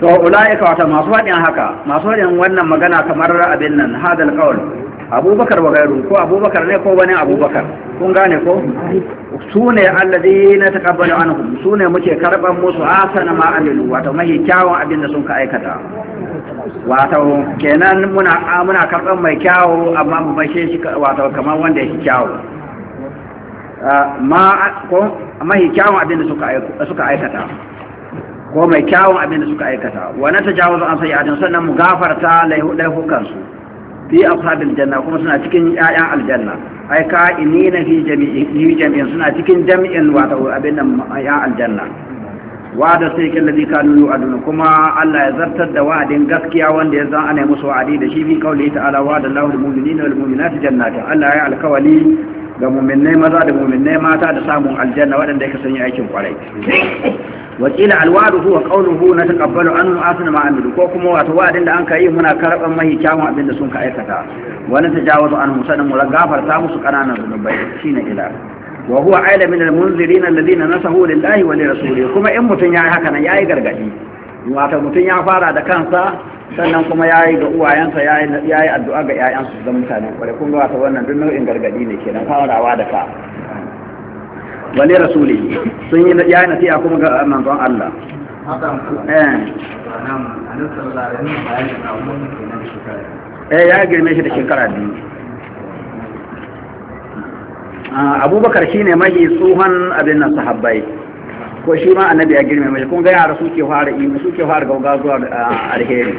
to ulaika wata masu faɗin haka masu faɗin wannan magana kamar abin nan hadal qaul abubakar wa gairu ko abubakar ne ko wani abubakar kun gane ko su ne alladhina wani anhum su ne muke karɓar musu asana ma amilu wata mai kyawun abin da sun ka aikata Wata kenan muna karɓar mai kyawu amma mu bashe shi wata kamar wanda yake kyawu ma ko mahi kyawun abin da suka aikata ko mai kyawun abin da suka aikata wa na tajawazu an sayyatin sannan mu gafarta laihukan su fi ashabil janna kuma suna cikin ƴaƴan aljanna ai ka inina fi jami'in suna cikin jami'in wata abin da ƴaƴan aljanna wada sai kin ladhi kanu yu'adun kuma Allah ya zartar da wa'adin gaskiya wanda ya zan ana musu wa'adi da shi fi qauli ta'ala wa'ada Allahu lil mu'minina wal mu'minati jannatin Allah ya alkawali ga mu'minnai maza da mu'minnai mata da samun aljanna waɗanda yake son yi aikin kwarai wakila alwadu huwa qawluhu na taqabbalu anhu asna ma amilu ko kuma wato wa'adin da an kai muna karban mahi kyawun abin da sun ka aikata wani tajawazu an musadan mu ta musu kananan zunubai shine ila wa huwa aila min almunzirin alladhina nasahu lillahi wa lirasulihi kuma in mutun yayi haka nan yayi gargadi wato mutun ya fara da kansa sannan kuma yayi ga uwayensa yayi yayi addu'a ga yayansu da mutane kware kun ga wato wannan duk nau'in gargadi ne kenan farawa da ka wale rasuli sun yi ya nasi a kuma ga manzon Allah eh. eh ya girme shi da shekara biyu ah, abubakar shi ne mahi tsohon abin nan sahabbai ko shi ma annabi ya girme mai kun ga yara suke fara ihu suke fara gauga zuwa ah, alheri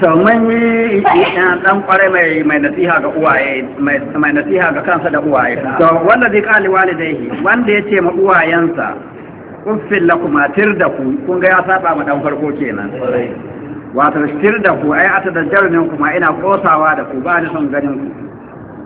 to mun yi dan kware mai mai nasiha ga uwaye mai nasiha ga kansa da uwaye to wanda zai kali walidaihi wanda ya ce ma uwayensa uffil lakum atir da ku kun ga ya saba ma dan farko kenan wato shir da ku ai ata da ne kuma ina kosawa da ku ba ni son ganin ku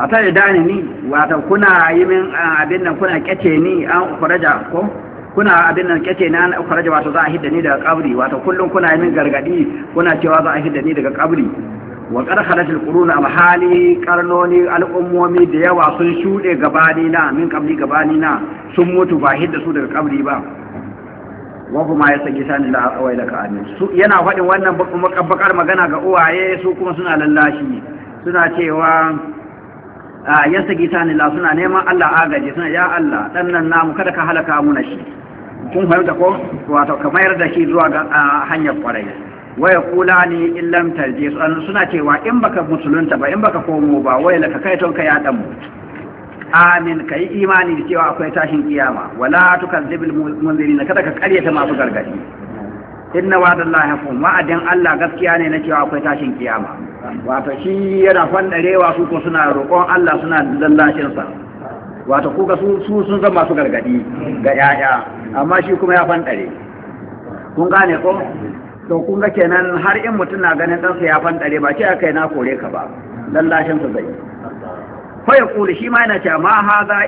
a ta idani ni wato kuna yi min abin nan kuna kace ni an kuraja ko kuna abin nan kace na na faraja wato za a hidda ni daga kabri wato kullum kuna yi min gargadi kuna cewa za a hidda ni daga kabri wa qad khalat al qurun al hali qarnoni al ummomi da yawa sun shude gabani na min kabri gabani na sun mutu ba hidda su daga kabri ba wa kuma ya saki sani la awaila ka amin yana faɗin wannan bakar magana ga uwaye su kuma suna lallashi suna cewa ah, ya saki sani la suna neman Allah agaje suna ya Allah dan nan namu kada ka halaka mu na shi kun fahimta ko wato ka mayar da shi zuwa ga hanyar kwarai waya kula ne in lam tarje suna cewa in baka musulunta ba in baka komo ba waya laka kai tonka ya dan amin kai imani da cewa akwai tashin kiyama wala tukazzibil munzirin kada ka karyata masu gargadi inna wa'dallahi haqqun wa'adin Allah gaskiya ne na cewa akwai tashin kiyama wato shi yana fandarewa su ko suna roƙon Allah suna dallashin sa wato kuka su sun zama su gargadi ga yaya amma shi kuma ya fantare kun gane ko to kun ga kenan har in mutum na ganin ɗansa ya fantare ba ce kai na kore ka ba lallashin su zai fa ya kuli shi ma yana cewa ma haza